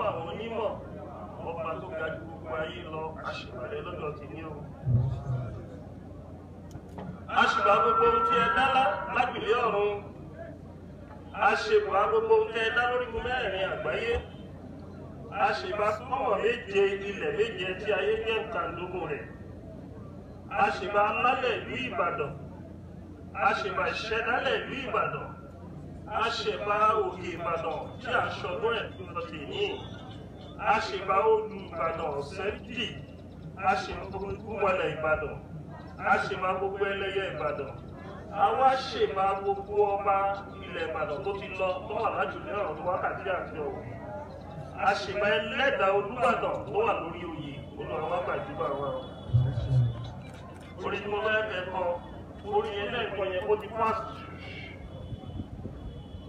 onímọ̀ onímọ̀ ọba tó ga jù gbogbo ayé lọ àṣìbàlẹ̀ lọ́dọ̀ ti ní o. àṣìbà gbogbo ohun tí ẹ dá lágbìlé àṣìbà gbogbo ohun tí ẹ dá lórí àgbáyé àṣìbà pọ́wọ̀ méje ilẹ̀ méje tí ayé àṣìbà ìlú Ìbàdàn àṣẹ̀bá òkè ìbàdàn tí a ṣọdún ẹ̀ lọ́tẹ̀ ní àṣẹ̀bá olú ìbàdàn sẹ́ńtì àṣẹ̀mọ́gbọ́lẹ̀ ìbàdàn àṣẹ̀má gbogbo ẹlẹ́yẹ ìbàdàn àwa ṣèmá gbogbo ọba ilẹ̀ ìbàdàn tó ti lọ tó wà lájú ní ọ̀rọ̀ tó wákàtí àti ọ̀wọ̀ àṣèmá ẹlẹ́dàá olúbàdàn tó wà lórí oyè olùwàwá gbàdúrà wa orí tí mo fẹ́ fẹ́ kọ orí ẹlẹ́ẹ̀kan yẹn ó ti pàṣẹ.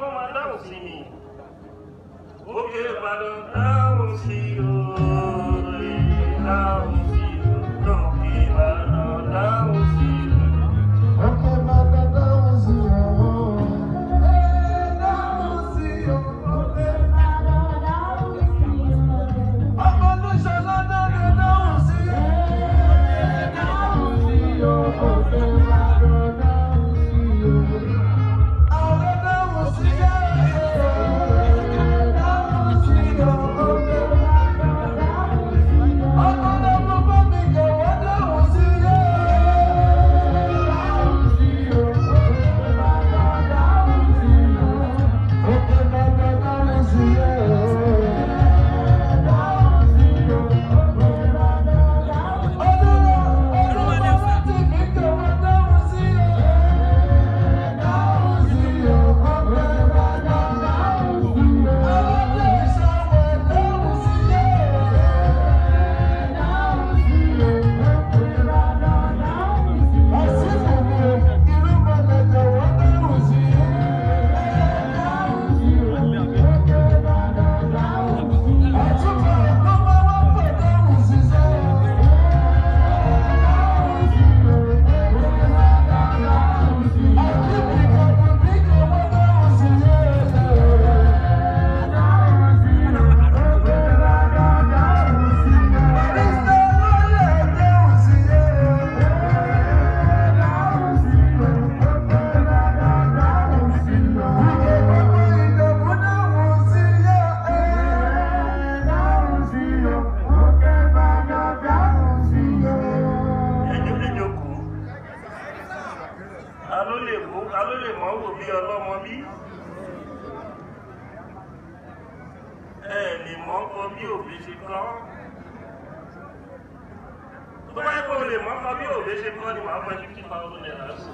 kọ́ máa dáhùn sí mi òkè Ìbàdàn dáhùn alólè mọ́ wò bí ọlọ́mọ bí ẹ lè mọ́ kọ bí òbí ṣe kọ́ tó bá yẹ kó lè mọ́ kọ bí òbí ṣe kọ́ ni màá fẹ́ fifty thousand naira sí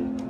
i.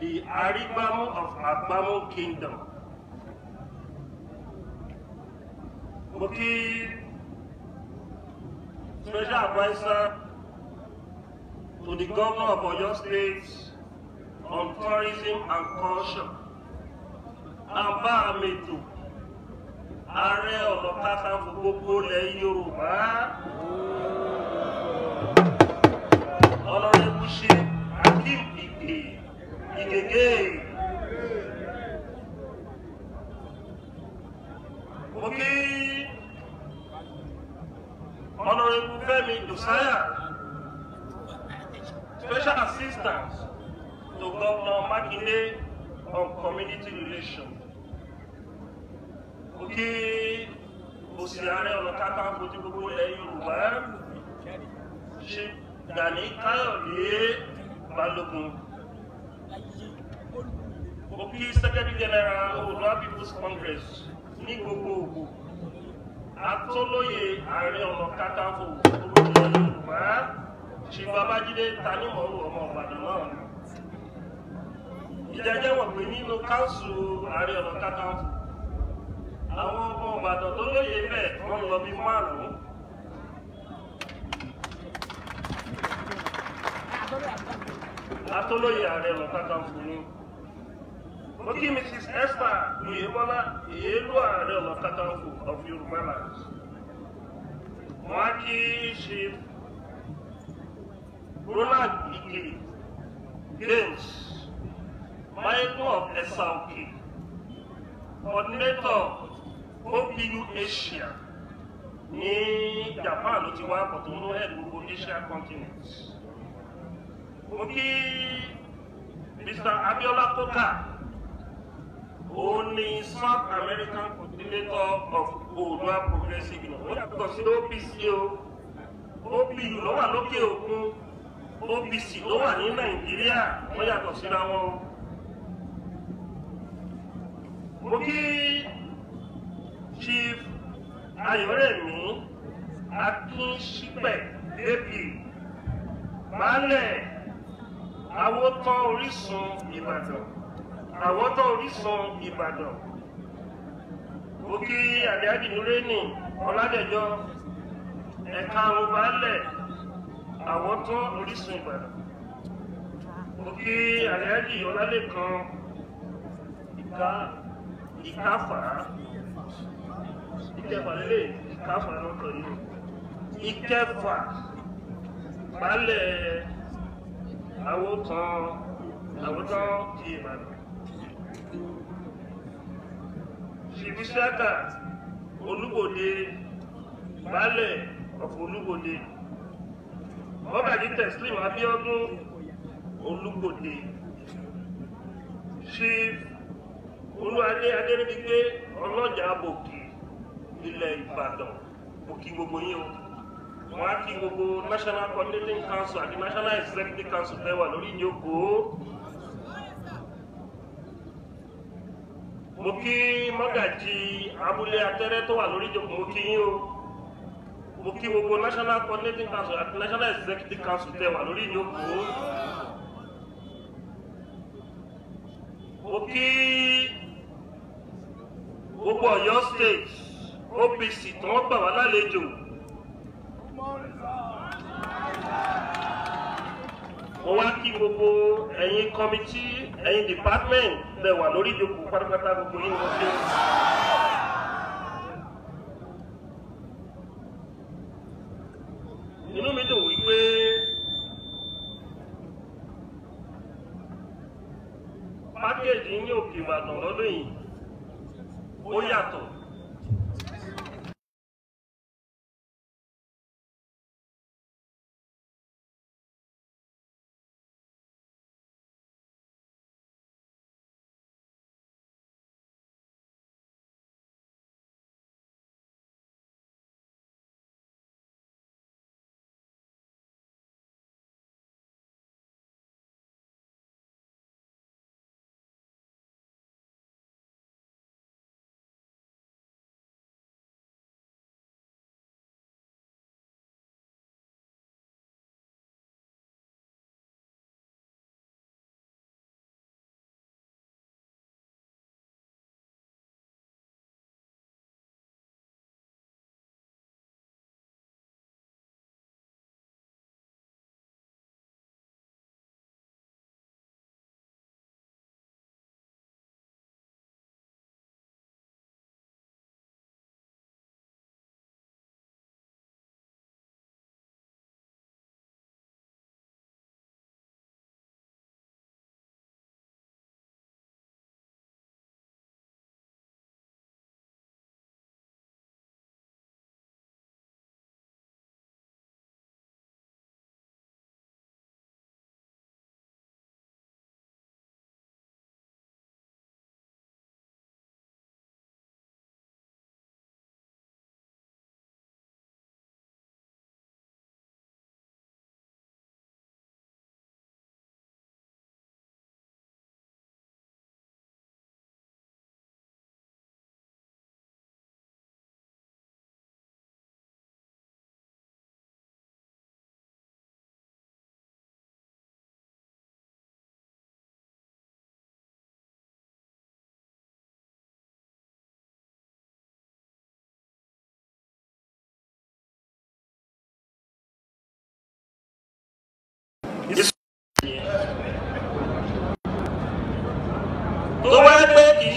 the Aribamu of Abamu Kingdom. Mo kí Special Advisor to the Governor of Oyo State on Tourism and Culture. Àbá Ametu. tù ààrẹ ọ̀nà kakanfò gbogbo ilẹ̀ People's Congress ní gbogbo ògbò atólóye ààrẹ ọ̀nà kátàkó olùdíje Yorùbá ṣì Babájídé Tanímọ̀rú ọmọ Ìbàdàn náà ìjẹjẹ wọ̀ pé nínú káńsù ààrẹ ọ̀nà kátàkó àwọn ọmọ Ìbàdàn tó lóye bẹ́ẹ̀ wọ́n lọ bí márùn atólóye ààrẹ ọ̀nà kátàkó ni. Mo kí Mrs. Esther Oyèmọ́lá Ìyélú Ààrẹ Ọ̀nà Kakanfò of Yorùbá land. Mo á kí Chief Ronald Ike James of Esauki, Òkè Coordinator OPU Asia ní Japan ló ti wá pọ̀ tó ń Asia continent. Mo Mr. Abiola Koka. Only South American coordinator of Oòduà progressive union ó yàtọ̀ sí OPC o OPU ló wà lókè òkun OPC ló wà ní Nàìjíríà ó yàtọ̀ síra wọn o. mo kí Chief Ayọ̀rẹ́mi Akínṣípẹ̀ AP baálẹ̀ awótán Orísun Ìbàdàn àwọ́tọ̀ orísun ìbàdàn ó kí àdéhàjì nureni ọládẹjọ ẹ̀ka àwọn baálẹ̀ àwọ́tọ̀ orísun ìbàdàn ó kí àdéhàjì ọlálẹ́kan ìka ìkáfà ìkẹfà lélẹ̀ ìkáfà lọ́kàn yìí ìkẹfà baálẹ̀ àwòtán àwòtán ti ìbàdàn. Ṣèbíṣákà Olúbòde Baálẹ̀ ọ̀fọ̀ Olúbòde Ọ̀bàjì Teslim Abíọ́dún Olúbòde Chief Olúwadé Adéríbigbé ọlọ́jà Bòkì ilẹ̀ Ìbàdàn Bòkì gbogbo yín o wọn á kí gbogbo national coordinating council àti national executive council fẹ́ wà lórí ìjókòó. mo kí mọ́gàjì abúlé atẹ́rẹ́ tó wà lórí ìjọba mo kí yín o mo kí gbogbo national coordinating council àti national executive council tẹ wà lórí ìjókòó mo kí gbogbo Ọ̀yọ́ state OPC tí wọ́n gbà wá lálejò mo wá kí gbogbo ẹ̀yin kọ́mítì ẹ̀yin department bẹ̀ wà lórí ìjókòó pátápátá gbogbo yín wọ́n ṣe. inú mi dùn wípé pákéèjì yín òkè ìbàdàn lọ́dún yìí ó yàtọ̀.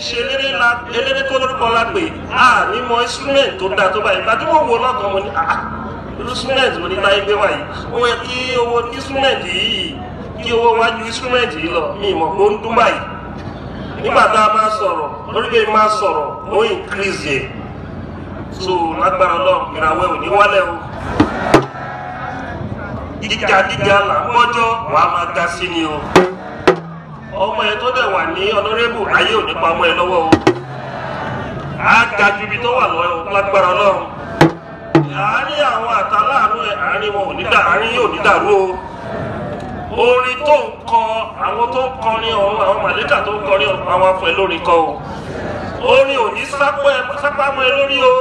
ṣe eléré tó lórúkọ lápè a ní mọ instrument tó dáa tó báyìí gbàdé mo wò lọ́kàn mo ní àá instrument mo ní láyé gbé wáyé wọ́n yẹ kí owó instrument yìí kí owó wájú instrument yìí lọ mi mọ̀ ló ń dún báyìí nígbà tá a máa sọ̀rọ̀ lórílẹ̀ yìí máa sọ̀rọ̀ ó increase yẹ so lágbára Ọlọ́run ìràwọ̀ ò ní wálẹ̀ o gíga gíga là ń mọ́jọ́ wàá máa ga sí ni o ọmọ yẹn tó dẹ̀ wà ní ọ̀nọ́rẹ́bù ayé ò ní pa ọmọ yẹn lọ́wọ́ o á ga ju ibi tó wà lọ́wọ́ lágbára ọlọ́run àárín àwọn àtàláàánú ẹ̀ àárín wọn ò ní dà àárín yóò ní dàrú o orin tó ń kọ àwọn tó ń kọrin ọ̀hún àwọn màlẹ́kà tó ń kọrin ọ̀hún àwọn afọ ẹ̀ lórí kọ o orin ò ní ẹ lórí o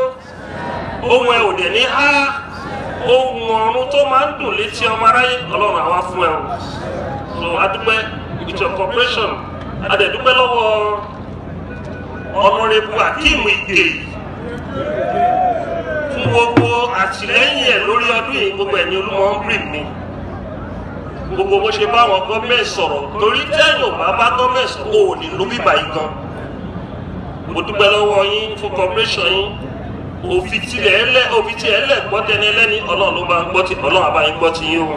ohun ẹ ò dẹ̀ ní há ohun ọ̀run tó máa ń dùn létí ọmọ aráyé ọlọ́run àwa fún ẹ o lọ́wọ́ adúpẹ́ with your cooperation adẹ̀dúpẹ́ lọ́wọ́ ọ̀nàrẹ́bù akeem ige fún gbogbo àtìlẹ́yìn ẹ̀ lórí ọdún yìí gbogbo ẹ̀ ní olúmọ ń bì mí gbogbo bó ṣe bá àwọn gọ́ọ̀mẹ̀ntì sọ̀rọ̀ torí tẹ́yìn ò bá bá gọ́ọ̀mẹ̀ntì sọ̀rọ̀ ò ní ló bíbà yìí gan mo dúpẹ́ lọ́wọ́ yín fún cooperation yín òfin tilẹ̀ ẹlẹ́ òfin tilẹ̀ ẹlẹ́ gbọ́tẹ́ni ẹlẹ́ni ọlọ́run ló máa ń gbọ́tì ọlọ́run àbáyé gbọ́tì yín o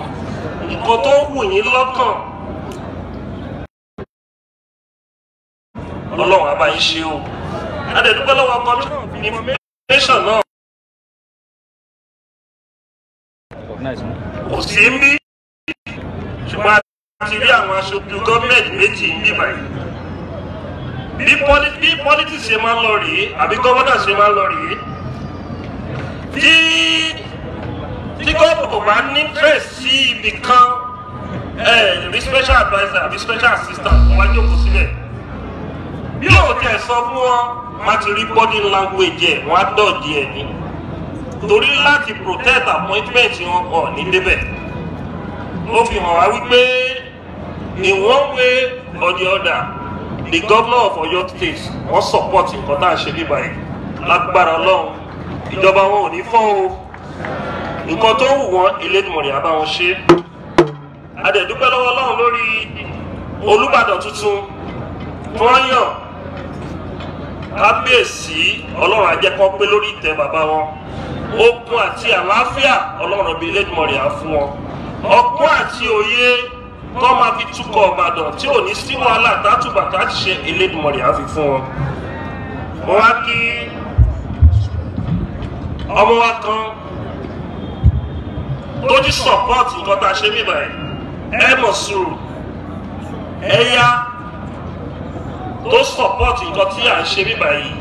nǹkan tó wù yín lọ́kàn ọlọ́run á bá yín ṣe o adẹ̀dúpẹ́ lọ́wọ́ commission náà kò sí ń bí ṣùgbọ́n a ti rí àwọn aṣojú gọ́ọ̀mẹ̀ntì méjì ń bí báyìí bí politics ṣe máa ń lọ rèé àbí gọ́vọ́nà ṣe máa ń lọ rèé tí tí gọ́ọ̀mù kò bá ní interest sí ibì kan ẹ̀ eh, rí special adviser àbí special assistant wọ́n wá jókòó sílẹ̀ bí o tẹ sọ fún wọn wọn ti rí body language ẹ wọn á dọ̀dí ẹ ní torí láti protect appointment wọn ọ̀ ní débẹ̀ ó fi hàn wá wípé in one way or the other the governor of Ọ̀yọ́ state wọn support nǹkan tá a ṣe ní báyìí lágbára Ọlọ́run ìjọba wọn ò ní fọ́ o nǹkan tó wù wọn Elédùmarè àbá wọn ṣe a dẹ̀ dúpẹ́ lọ́wọ́ Ọlọ́run lórí Olúbàdàn tuntun tí wọ́n kábíyèsí ọlọ́run ajẹ́kọ́ pé lórí ìtẹ́ bàbá wọn okun àti àlàáfíà ọlọ́run bíi lẹ́dìmọ̀rì á fún wọn ọgbọ́n àti òye tó máa fi túkọ̀ ọ̀bàdàn tí ò ní sí wàhálà dátùbàtà ti ṣe ẹlẹ́dìmọ̀rì á fi fún wọn. mo wá kí ọmọ wa kan tó ti support nǹkan tá a ṣe mí báyìí ẹ mọ̀ sùúrù ẹ yá tó support nǹkan tí à ń ṣe bí báyìí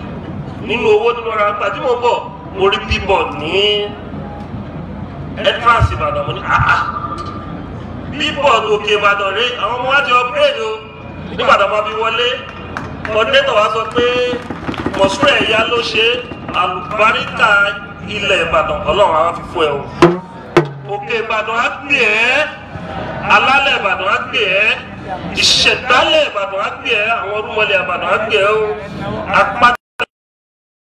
nínú owó tí mo ra ń gbà tí mo bọ̀ mo rí bíbọ̀ ní entrance Ìbàdàn mo ní àá ah, ah. bíbọ̀ òkè Ìbàdàn rè àwọn ọmọ wa ti upgrade o nígbà tó máa fi wọlé kọ́ndétọ̀ wa sọ pé mọ̀súrù ẹ̀yà ló ṣe àlùbáríkà ilẹ̀ Ìbàdàn Ọlọ́run àwọn fi fún ẹ o òkè Ìbàdàn á gbé ẹ́ alálẹ̀ Ìbàdàn á gbé ẹ́ ìṣẹ̀dálẹ̀ Ìbàdàn á gbé ẹ àwọn orúmọlẹ̀ Ìbàdàn á gbé apá.